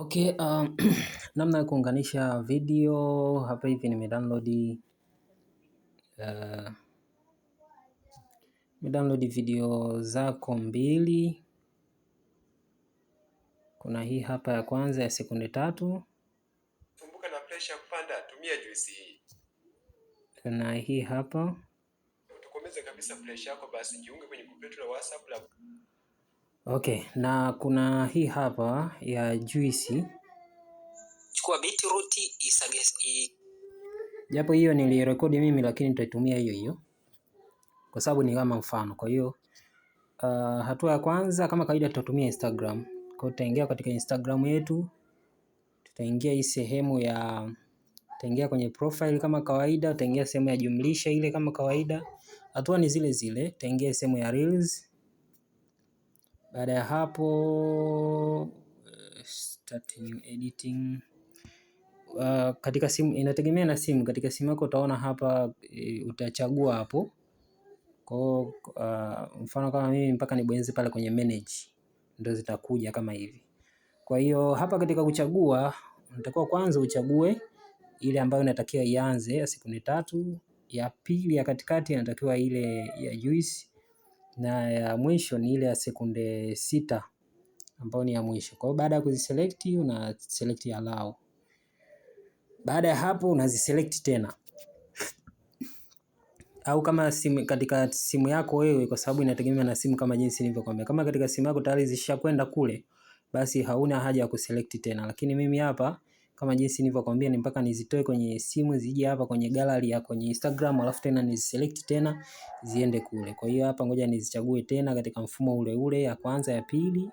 Okay, um, namna ya kuunganisha video hapa hivi download uh, download video zako mbili. Kuna hii hapa ya kwanza ya sekunde tatu. Kumbuka na pressure kupanda, tumia juisi hii. Na hii hapa. Tukomeze kabisa pressure yako basi jiunge kwenye grupu la WhatsApp la Okay, na kuna hii hapa ya juisi. Chukua beetroot isage japo hiyo nilirekodi mimi lakini nitaitumia hiyo hiyo kwa sababu ni kama mfano. Kwa hiyo uh, hatua ya kwanza kama kawaida tutatumia Instagram. Kwa hiyo tutaingia katika Instagram yetu, tutaingia hii sehemu ya tutaingia kwenye profile kama kawaida, tutaingia sehemu ya jumlisha ile kama kawaida. Hatua ni zile zile, tutaingia sehemu ya reels baada ya hapo eh, starting editing uh, katika simu inategemea na simu. Katika simu yako utaona hapa uh, utachagua hapo kwa uh, mfano kama mimi mpaka nibonyeze pale kwenye manage, ndio zitakuja kama hivi. Kwa hiyo hapa katika kuchagua unatakiwa kwanza uchague ile ambayo inatakiwa ianze ya siku ni tatu, ya pili ya katikati inatakiwa ile ya juice na ya mwisho ni ile ya sekunde sita ambayo ni ya mwisho. Kwa hiyo baada ya kuziselect una select allow. Baada ya hapo unaziselect tena au kama simu, katika simu yako wewe, kwa sababu inategemea na simu, kama jinsi nilivyokuambia, kama katika simu yako tayari zishakwenda kule, basi hauna haja ya kuselect tena, lakini mimi hapa kama jinsi nilivyokuambia ni mpaka nizitoe kwenye simu zije hapa kwenye gallery ya kwenye Instagram, alafu tena niziselect tena ziende kule. Kwa hiyo hapa ngoja nizichague tena katika mfumo ule ule, ya kwanza, ya pili,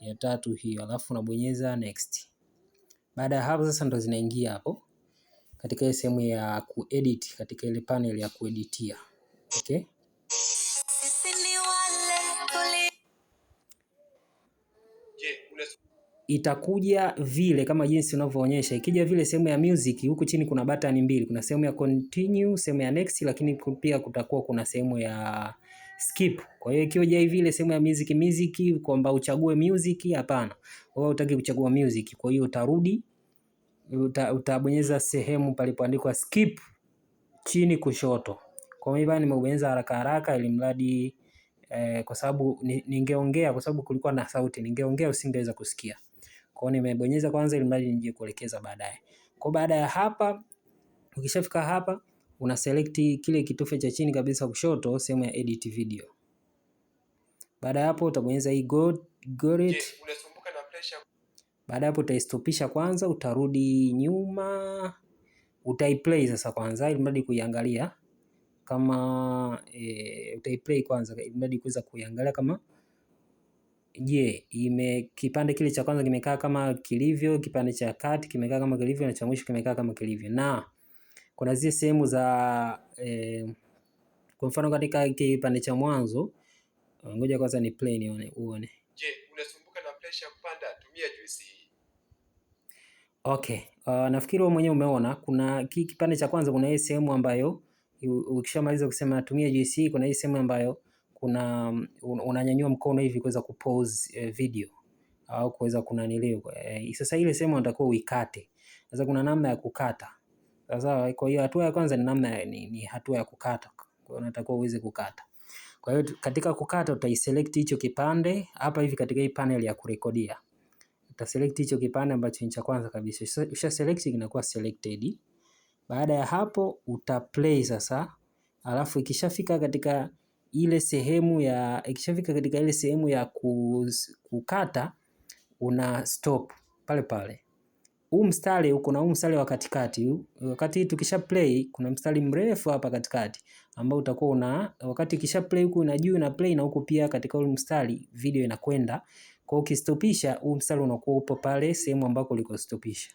ya tatu hiyo, alafu nabonyeza next. Baada ya hapo sasa ndo zinaingia hapo katika sehemu ya kuedit katika ile panel ya kueditia. Okay? itakuja vile kama jinsi unavyoonyesha. Ikija vile sehemu ya music, huku chini kuna button mbili, kuna sehemu ya continue, sehemu ya next, lakini pia kutakuwa kuna sehemu ya skip. Kwa hiyo ikija hivi ile sehemu ya music music, kwamba uchague music, hapana, wewe utaki kuchagua music. Kwa hiyo utarudi uta, utabonyeza sehemu palipoandikwa skip chini kushoto. Kwa hiyo bana, nimeubonyeza haraka haraka ili mradi eh, kwa sababu ningeongea, kwa sababu kulikuwa na sauti, ningeongea usingeweza kusikia. Kwa hiyo nimebonyeza kwanza ili mradi nije kuelekeza baadaye. Kwa baada ya hapa, ukishafika hapa, una select kile kitufe cha chini kabisa kushoto sehemu ya edit video. Baada ya hapo utabonyeza hii go, go it. Baada hapo utaistopisha kwanza, utarudi nyuma, utaiplay sasa kwanza ili mradi kuiangalia kama e, utaiplay kwanza ili mradi kuweza kuiangalia kama je, ime kipande kile cha kwanza kimekaa kama kilivyo, kipande cha kati kimekaa kama kilivyo na cha mwisho kimekaa kama kilivyo. Na kuna zile sehemu za e, kwa mfano katika kipande cha mwanzo, ngoja kwanza ni play nione uone. Je, unasumbuka na pressure kupanda? Tumia juice hii. Okay. Uh, nafikiri wewe mwenyewe umeona kuna kipande cha kwanza kuna hii sehemu ambayo ukishamaliza kusema tumia juice hii, kuna hii sehemu ambayo kuna unanyanyua mkono hivi kuweza kupause eh, video au kuweza kunanilia eh, Sasa ile sehemu unatakiwa uikate. Sasa kuna namna ya kukata. Sasa kwa hiyo hatua ya kwanza ni namna ni, ni hatua ya kukata. Kwa hiyo unatakiwa uweze kukata. Kwa hiyo katika kukata utaiselect hicho kipande hapa hivi katika hii panel ya kurekodia. Utaselect hicho kipande ambacho ni cha kwanza kabisa. Usha select kinakuwa selected. Baada ya hapo uta play sasa. Alafu ikishafika katika ile sehemu ya ikishafika katika ile sehemu ya kukata una stop pale pale. Huu mstari huko na huu mstari wa katikati, wakati tukisha play kuna mstari mrefu hapa katikati ambao utakuwa una wakati kisha play huko na juu na play na huko pia katika ule mstari video inakwenda. Kwa hiyo ukistopisha huu mstari unakuwa upo pale sehemu ambako ulikostopisha.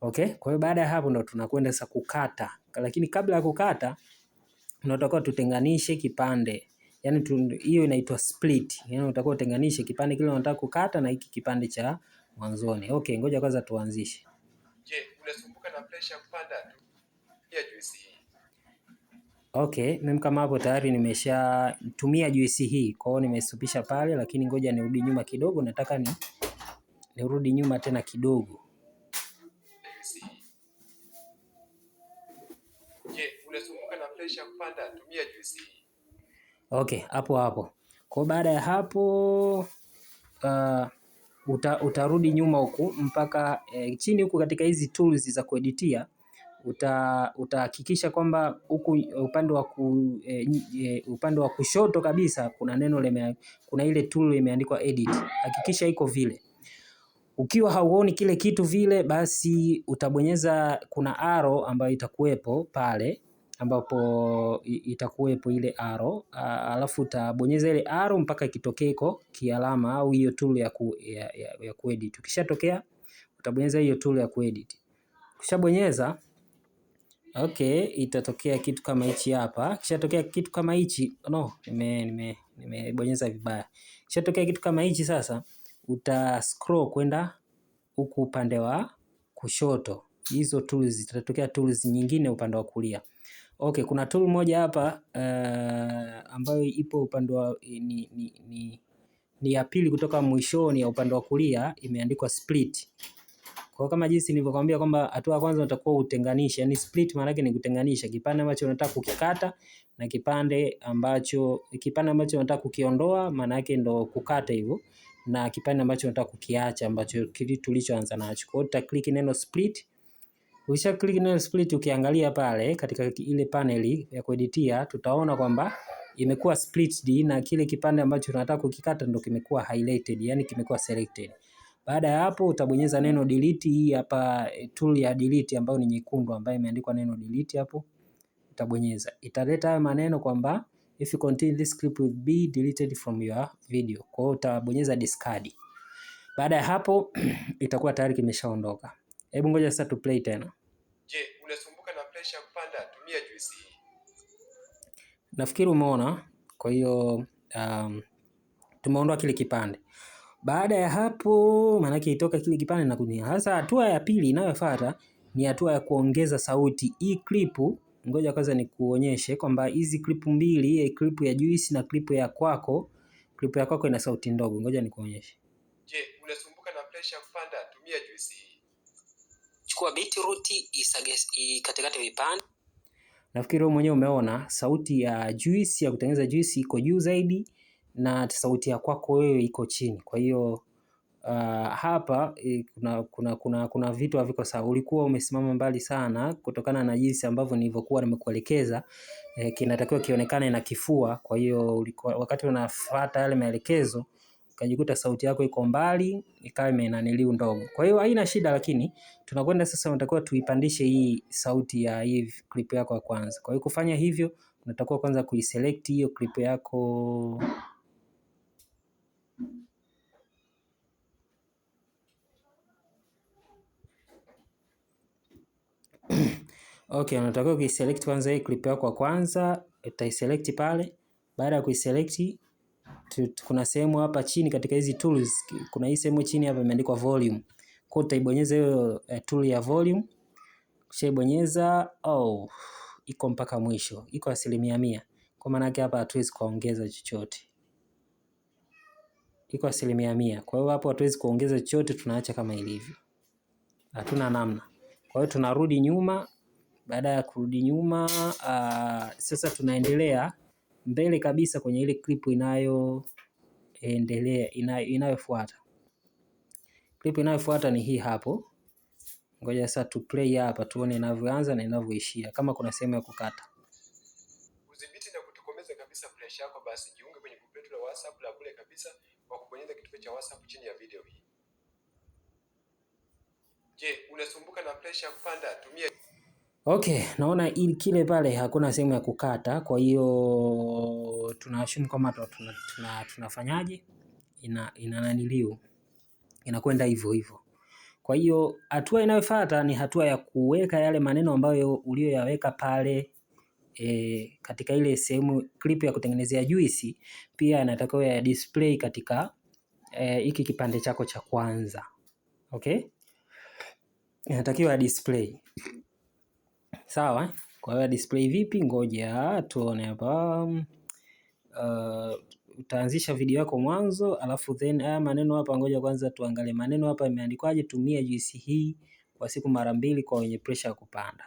Okay? Kwa hiyo baada ya hapo ndo tunakwenda sasa kukata. Lakini kabla ya kukata unatakiwa tutenganishe kipande yani, hiyo inaitwa split. Yani unatakiwa utenganishe kipande kile unataka kukata na hiki kipande cha mwanzoni. Okay, ngoja kwanza tuanzishe. Je, unasumbuka na pressure kupanda ya juisi hii? Okay, mimi kama hapo tayari nimeshatumia juisi hii, kwa hiyo nimesupisha pale, lakini ngoja nirudi nyuma kidogo, nataka ni nirudi nyuma tena kidogo anaotesha kupanda atumia juisi hii. Okay, hapo hapo. Kwa baada ya hapo uh, uta, utarudi nyuma huku mpaka eh, chini huku katika hizi tools za kueditia uta utahakikisha kwamba huku eh, upande wa ku, e, e, upande wa kushoto kabisa kuna neno lime, kuna ile tool imeandikwa edit, hakikisha iko vile. Ukiwa hauoni kile kitu vile, basi utabonyeza kuna arrow ambayo itakuwepo pale ambapo itakuwepo ile aro, alafu utabonyeza ile aro mpaka ikitokee iko kialama au hiyo tool ya, ku, ya, ya, ya kuedit. Ukishatokea utabonyeza hiyo tool ya kuedit. Ukishabonyeza okay, itatokea kitu kama hichi hapa. Kishatokea kitu kama hichi no, nime nime nimebonyeza vibaya. Kishatokea kitu kama hichi sasa, uta scroll kwenda huku upande wa kushoto, hizo tools zitatokea tools nyingine upande wa kulia. Okay, kuna tool moja hapa uh, ambayo ipo upande wa eh, ni, ni, ni, ni ya pili kutoka mwishoni ya upande wa kulia imeandikwa split. Kwa kama jinsi nilivyokuambia kwamba hatua ya kwanza utakuwa utenganisha, yani split maana yake ni kutenganisha kipande ambacho unataka kukikata na kipande ambacho kipande ambacho unataka kukiondoa maana yake ndo kukata hivyo na kipande ambacho unataka kukiacha ambacho kile tulichoanza nacho. Kwa hiyo neno split Ukisha click neno split ukiangalia pale katika ile paneli ya kueditia tutaona kwamba imekuwa split di, na kile kipande ambacho tunataka kukikata ndo kimekuwa highlighted, yani kimekuwa selected. Baada ya hapo utabonyeza neno delete. Hii hapa eh, tool ya delete ambayo ni nyekundu ambayo imeandikwa neno delete hapo, utabonyeza italeta haya maneno kwamba if you continue this clip will be deleted from your video. Kwa hiyo utabonyeza discard. Baada ya hapo itakuwa tayari kimeshaondoka. Hebu ngoja sasa tu play tena. Je, unasumbuka na pressure ya kupanda? Tumia juisi hii. Nafikiri umeona. Kwa hiyo um, tumeondoa kile kipande. Baada ya hapo, maanake itoka kile kipande na kunia. Sasa hatua ya pili inayofuata ni hatua ya kuongeza sauti. Hii clip. ngoja kwanza nikuonyeshe kwamba hizi clip mbili, hii eh, ya juisi na clip ya kwako, clip ya kwako ina sauti ndogo. Ngoja nikuonyeshe. Je, unasumbuka na pressure ya kupanda? Tumia juisi hii chukua beetroot ikatekate vipande. Nafikiri wewe mwenyewe umeona sauti ya juisi ya kutengeneza juisi iko juu zaidi na sauti ya kwako wewe iko chini. Kwa hiyo uh, hapa eh, kuna, kuna, kuna, kuna vitu haviko sawa. Ulikuwa umesimama mbali sana kutokana na jinsi ambavyo nilivyokuwa nimekuelekeza. Eh, kinatakiwa kionekane na kifua. Kwa hiyo ulikuwa wakati unafuata yale maelekezo ukajikuta sauti yako iko mbali, ikawa imenaniliu ndogo. Kwa hiyo haina shida, lakini tunakwenda sasa, unatakiwa tuipandishe hii sauti ya hii clip yako ya kwanza. Kwa hiyo kufanya hivyo, unatakiwa kwanza kuiselect hiyo clip yako Okay, unatakiwa kuiselect kwanza hii clip yako ya kwanza, utaiselect pale. Baada ya kuiselect kuna sehemu hapa chini katika hizi tools, kuna hii sehemu chini hapa imeandikwa volume. Kwa hiyo utaibonyeza hiyo eh, tool ya volume. Ukishaibonyeza oh, iko mpaka mwisho, iko asilimia mia. Kwa maana yake hapa hatuwezi kuongeza chochote, iko asilimia mia. Kwa hiyo hapo hatuwezi kuongeza chochote, tunaacha kama ilivyo, hatuna namna. Kwa hiyo tunarudi nyuma. Baada ya kurudi nyuma, uh, sasa tunaendelea mbele kabisa kwenye ile clip inayoendelea inayofuata. Clip inayofuata ni hii hapo. Ngoja sasa tu play hapa tuone inavyoanza na inavyoishia, kama kuna sehemu ya kukata. Udhibiti na kutokomeza kabisa pressure yako, basi jiunge kwenye group letu la WhatsApp la bure kabisa kwa kubonyeza kitufe cha WhatsApp chini ya video hii. Je, unasumbuka na pressure kupanda? Tumia Okay, naona ili kile pale hakuna sehemu ya kukata, kwa hiyo tunaashumu kama tuna, tuna, tunafanyaje ina inananiliu inakwenda hivyo hivyo. Kwa hiyo hatua inayofuata ni hatua ya kuweka yale maneno ambayo uliyoyaweka pale e, katika ile sehemu clip ya kutengenezea juisi, pia yanatakiwa ya display katika e, hiki e, kipande chako cha kwanza. Okay? Inatakiwa ya display. Sawa, kwa hiyo display vipi? Ngoja tuone hapa. Uh, utaanzisha video yako mwanzo, alafu then haya ah, maneno hapa, ngoja kwanza tuangalie maneno hapa imeandikwaje. Tumia juisi hii kwa siku mara mbili kwa wenye pressure ya kupanda.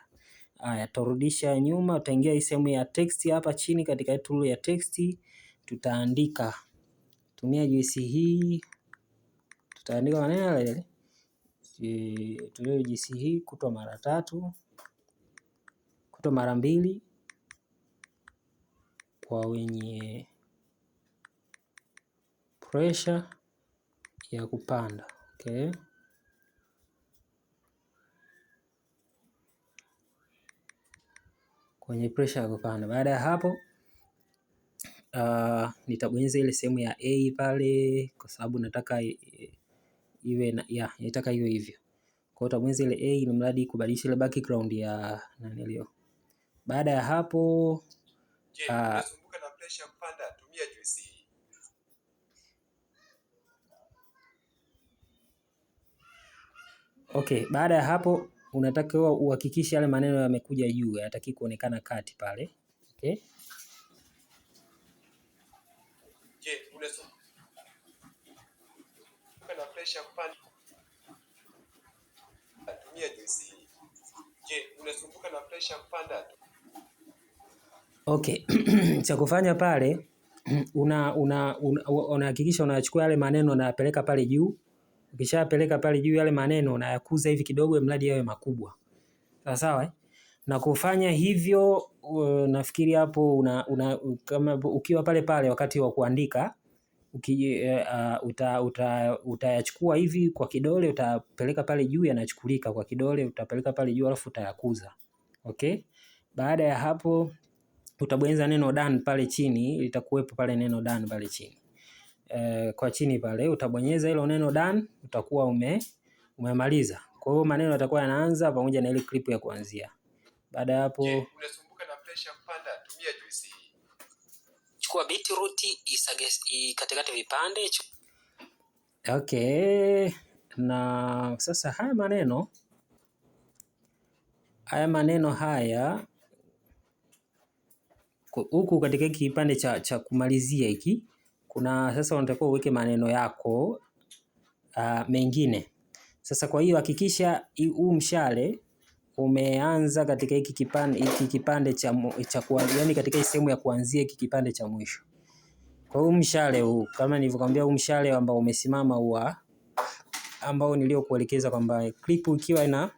Haya, tutarudisha nyuma, utaingia sehemu ya text hapa chini, katika tool ya text tutaandika tumia juisi hii, tutaandika maneno yale yale, tumia juisi hii kutwa mara tatu kuto mara mbili kwa wenye pressure ya kupanda okay. Kwenye pressure ya kupanda. Baada ya hapo uh, nitabonyeza ile sehemu ya A pale, kwa sababu nataka iwe na, ya nataka iwe hivyo. Kwa hiyo utabonyeza ile A ili mradi kubadilisha ile background ya nani leo baada ya hapo Je, ah, Okay, baada ya hapo unatakiwa uhakikishe yale maneno yamekuja juu, yanataki kuonekana kati pale. Okay. Je, unasumbuka na pressure kupanda? Tumia juisi Je, unasumbuka na pressure kupanda? Okay, cha kufanya pale una una unahakikisha una, unachukua yale maneno unayapeleka pale juu. Ukishayapeleka pale juu yale maneno unayakuza hivi kidogo mradi yawe makubwa. Sawa sawa eh? Na kufanya hivyo uh, nafikiri hapo una, una kama ukiwa pale pale wakati wa kuandika uki, uh, uta, uta, utayachukua hivi kwa kidole utapeleka pale juu yanachukulika kwa kidole utapeleka pale juu alafu utayakuza. Okay? Baada ya hapo utabonyeza neno done pale chini, litakuwepo pale neno done pale chini e, kwa chini pale utabonyeza hilo neno done, utakuwa ume umemaliza. Kwa hiyo maneno yatakuwa yanaanza pamoja na ile clip ya kuanzia. Baada ya hapo, unasumbuka na pressure kupanda, tumia juice hii. Chukua beetroot ikatekate vipande. Okay, na sasa haya maneno haya maneno haya huku katika kipande cha, cha kumalizia hiki kuna sasa unatakiwa uweke maneno yako uh, mengine. Sasa kwa hiyo hakikisha huu mshale umeanza katika hiki kipande, hiki kipande cha, cha yani katika sehemu ya kuanzia hiki kipande cha mwisho. Kwa huu mshale huu kama nilivyokuambia, huu mshale ambao umesimama huwa ambao niliokuelekeza kwamba clip ikiwa ina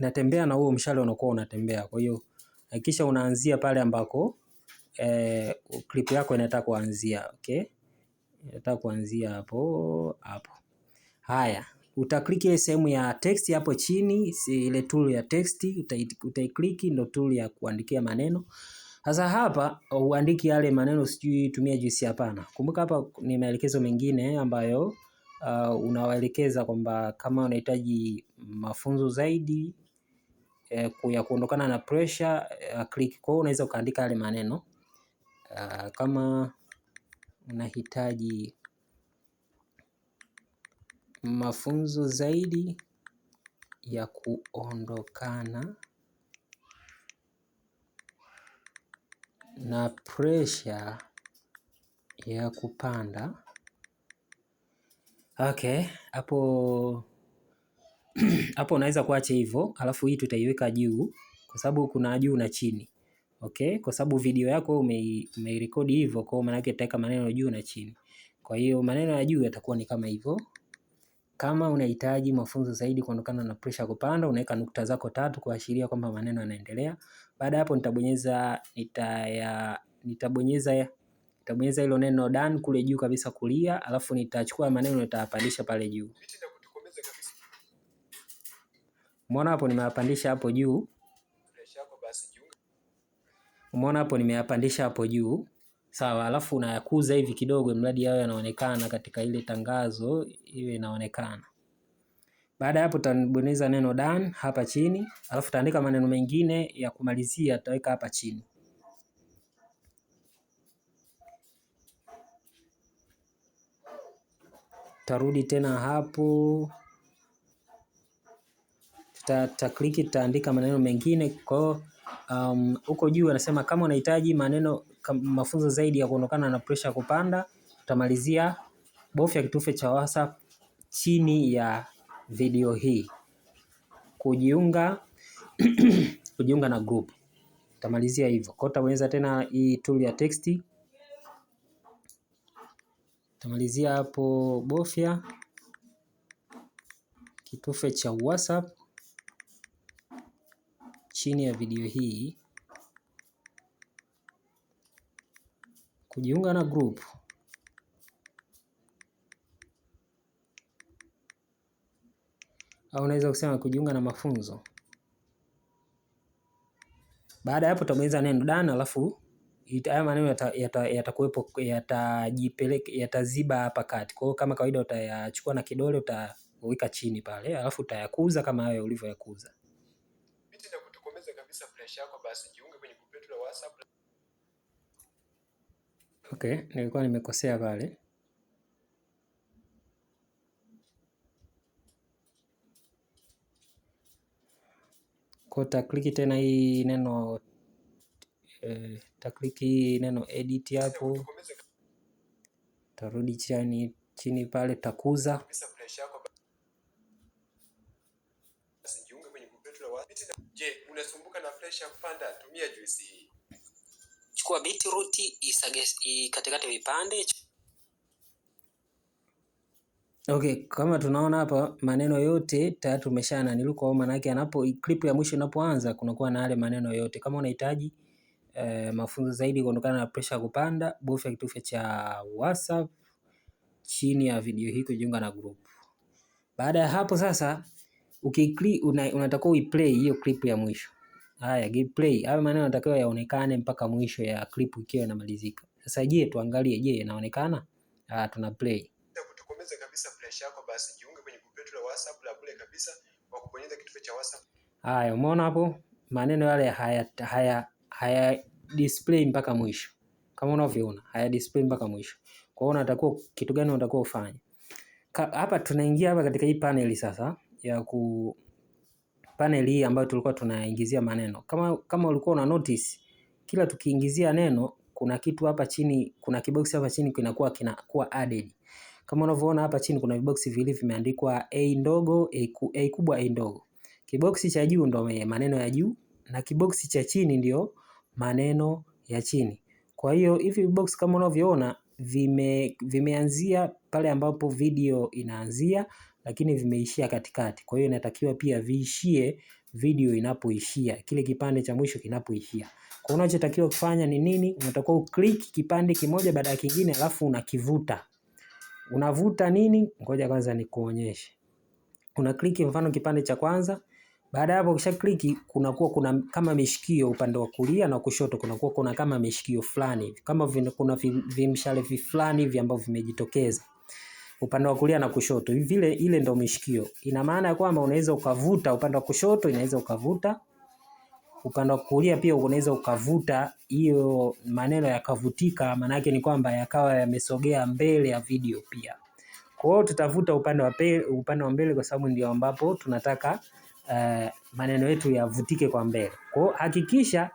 inatembea na huo mshale unakuwa unatembea. Kwa hiyo hakikisha unaanzia pale ambako eh, clip yako inataka kuanzia okay? Inataka kuanzia hapo hapo. Haya, utakliki ile sehemu ya text hapo chini, ile tool ya text utaikliki, ndo tool ya kuandikia maneno. Sasa hapa uandiki yale maneno, sijui tumia juisi, hapana. Kumbuka hapa ni maelekezo mengine ambayo uh, unawaelekeza kwamba kama unahitaji mafunzo zaidi eh, ya kuondokana na pressure uh, click. Kwa unaweza ukaandika yale maneno Uh, kama unahitaji mafunzo zaidi ya kuondokana na presha ya kupanda. Okay, hapo hapo unaweza kuacha hivo, alafu hii tutaiweka juu, kwa sababu kuna juu na chini okay? Kwa sababu video yako umeirekodi hivyo, kwa maana yake itaweka maneno juu na chini. Kwa hiyo maneno ya juu yatakuwa ni kama hivyo. Kama unahitaji mafunzo zaidi kuondokana na pressure kupanda, unaweka nukta zako tatu kuashiria kwamba maneno yanaendelea. Baada hapo nitabonyeza nitaya nitabonyeza nitabonyeza hilo neno done kule juu kabisa kulia, alafu nitachukua maneno nitayapandisha pale juu. Umeona hapo nimeyapandisha hapo juu. Umeona hapo nimeyapandisha hapo juu. Sawa, alafu unayakuza hivi kidogo mradi yao yanaonekana katika ile tangazo iwe inaonekana. Baada ya hapo utabonyeza neno done hapa chini, alafu utaandika maneno mengine ya kumalizia utaweka hapa chini. tarudi tena hapo. Tuta tutaandika maneno mengine kwao Um, huko juu anasema kama unahitaji maneno mafunzo zaidi ya kuondokana na presha ya kupanda, tutamalizia bofya kitufe cha WhatsApp chini ya video hii kujiunga kujiunga na group. Utamalizia hivyo. Kwa utabonyeza tena hii tool ya texti. Utamalizia hapo bofya kitufe cha WhatsApp chini ya video hii kujiunga na group. Au unaweza kusema kujiunga na mafunzo. Baada ya hapo utabonyeza neno dan alafu haya maneno yatakuwepo yatajipeleka yataziba hapa kati. Kwa hiyo kama kawaida utayachukua na kidole utaweka chini pale, alafu utayakuza kama hayo ulivyoyakuza maisha yako, basi jiunge kwenye group letu la WhatsApp. Okay, nilikuwa nimekosea pale. Kwa takliki tena hii neno eh, takliki hii neno edit hapo, tarudi chini chini pale takuza Je, unasumbuka na presha ya kupanda? Tumia juisi hii. Chukua beetroot, ikatekate vipande. Okay, kama tunaona hapa maneno yote tayari tumeshana nilikuwa maana yake anapo clip ya mwisho inapoanza kunakuwa na yale maneno yote. Kama unahitaji eh, mafunzo zaidi kuondokana na pressure ya kupanda, bofya kitufe cha WhatsApp chini ya video hii kujiunga na group. Baada ya hapo sasa ukiplay una, unatakiwa uiplay hiyo clip ya mwisho. Haya, give play. hayo maneno yanatakiwa yaonekane mpaka mwisho ya clip ikiwa inamalizika. Sasa je, tuangalie, je inaonekana? Ah, tuna play kutokomeza kabisa pressure yako, basi jiunge kwenye group letu la WhatsApp la bure kabisa kwa kubonyeza kitufe cha WhatsApp. Haya, umeona hapo maneno yale haya haya haya display mpaka mwisho, kama unavyoona haya display mpaka mwisho. Kwa hiyo unatakiwa kitu gani unatakiwa ufanye hapa? Tunaingia hapa katika hii panel sasa ya ku panel hii ambayo tulikuwa tunaingizia maneno. Kama, kama ulikuwa una notice kila tukiingizia neno kuna kitu hapa chini, kuna kibox hapa chini kinakuwa kinakuwa added. Kama unavyoona hapa chini kuna vibox viwili vimeandikwa a ndogo a, ku, a kubwa a ndogo. Kiboksi cha juu ndo maneno ya juu na kiboksi cha chini ndio maneno ya chini. Kwa hiyo hivi vibox kama unavyoona vime vimeanzia pale ambapo video inaanzia lakini vimeishia katikati. Kwa hiyo inatakiwa pia viishie video inapoishia, kile kipande cha mwisho kinapoishia. Kwa hiyo unachotakiwa kufanya ni nini? Unatakiwa uklik kipande kimoja baada ya kingine alafu unakivuta. Unavuta nini? Ngoja kwanza nikuonyeshe. Una click mfano kipande cha kwanza. Baada ya hapo ukisha kliki kunakuwa kuna kama mishikio upande wa kulia na kushoto kunakuwa kuna kama mishikio fulani. Kama vina, kuna vimshale vi fulani hivi ambavyo vimejitokeza upande wa kulia na kushoto hivi vile, ile ndio mishikio. Ina maana ya kwamba unaweza ukavuta upande wa kushoto, inaweza ukavuta upande wa kulia pia unaweza ukavuta. Hiyo maneno yakavutika, maana yake ni kwamba yakawa yamesogea mbele ya video pia. Kwa hiyo tutavuta upande wa upande wa mbele kwa sababu ndio ambapo tunataka uh, maneno yetu yavutike kwa mbele. Kwa hiyo hakikisha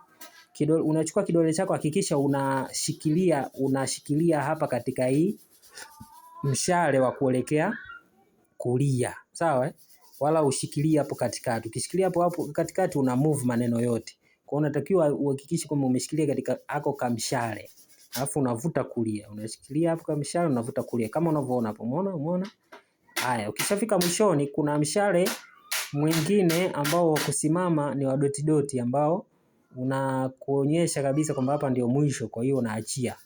kidole, unachukua kidole chako, hakikisha unashikilia unashikilia hapa katika hii mshale wa kuelekea kulia, sawa eh? Wala ushikilie hapo katikati. Ukishikilia hapo hapo katikati una move maneno yote. Kwa hiyo unatakiwa uhakikishe kwamba umeshikilia katika ako kamshale. Alafu unavuta kulia. Unashikilia hapo kamshale unavuta kulia. Kama unavyoona hapo, umeona umeona? Haya, ukishafika mwishoni kuna mshale mwingine ambao wa kusimama ni wa doti doti ambao unakuonyesha kabisa kwamba hapa ndio mwisho, kwa hiyo unaachia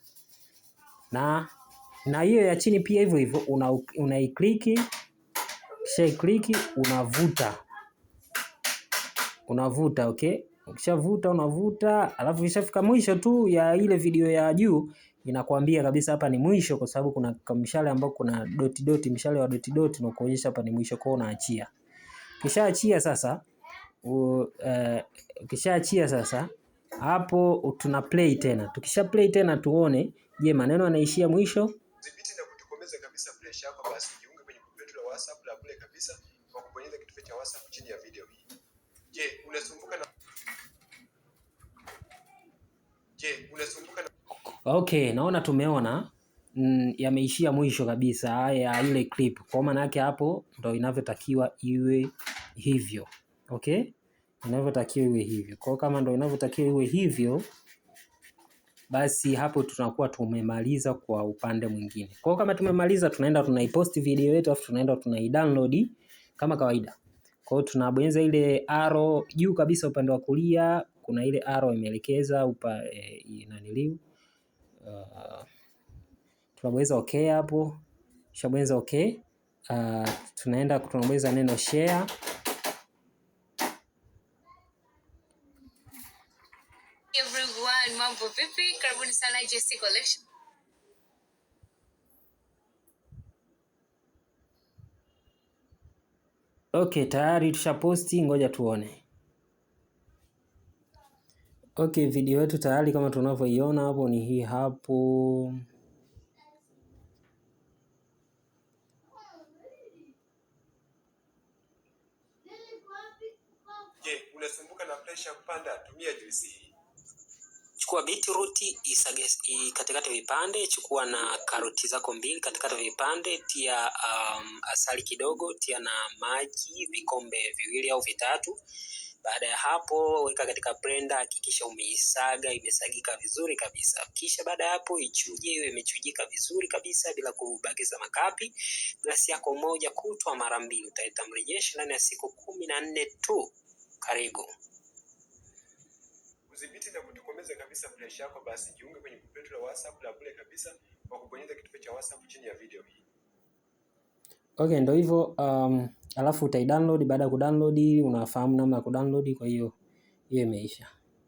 na na hiyo ya chini pia hivyo hivyo unaikliki, kisha ikliki unavuta. Unavuta, okay? Ukishavuta unavuta, alafu ishafika mwisho tu ya ile video ya juu inakwambia kabisa hapa ni mwisho kwa sababu kuna kamshale ambao kuna doti doti, mshale wa doti doti na kuonyesha hapa ni mwisho kwao unaachia. Kisha achia sasa, u, uh, eh, kisha achia sasa hapo tuna play tena. Tukisha play tena tuone, je, maneno yanaishia mwisho biashara hapa, basi jiunge kwenye grupu letu la WhatsApp la kule kabisa kwa kubonyeza kitufe cha WhatsApp chini ya video hii. Je, unasumbuka na Je, unasumbuka na Okay, naona tumeona mm, yameishia mwisho kabisa ya ile clip. Kwa maana yake hapo ndo inavyotakiwa iwe hivyo. Okay? Inavyotakiwa iwe hivyo. Kwa kama ndo inavyotakiwa iwe hivyo basi hapo tunakuwa tumemaliza kwa upande mwingine. Kwa kama tumemaliza, tunaenda tunaipost video yetu afu tunaenda tunaidownload kama kawaida. Kwa hiyo tunabonyeza ile arrow juu kabisa upande wa kulia, kuna ile arrow imeelekeza upa e, eh, inaniliu uh, ah, tunabonyeza okay hapo, shabonyeza okay. Uh, tunaenda tunabonyeza neno share sana JC Collection. Okay, tayari tushaposti, ngoja tuone. Okay, video yetu tayari kama tunavyoiona hapo ni hii hapo. Je, unasumbuka na pressure kupanda? Tumia juisi hii chukua beetroot isage, ikatakate vipande, chukua na karoti zako mbili, katakata vipande, tia um, asali kidogo, tia na maji vikombe viwili au vitatu. Baada ya hapo, weka katika blender, hakikisha umeisaga, imesagika vizuri kabisa. Kisha baada ya hapo, ichuje, iwe imechujika vizuri kabisa bila kubakiza makapi. Glasi yako moja kutwa mara mbili, utaleta mrejesho ndani ya siku kumi na nne tu. Karibu kudhibiti na kutokomeza kabisa presha yako, basi jiunge kwenye grupu letu la WhatsApp la bure kabisa kwa kubonyeza kitufe cha WhatsApp chini ya video hii. Okay, ndio hivyo um, alafu utai download. Baada ya kudownload, unafahamu namna ya kudownload. Kwa hiyo hiyo imeisha.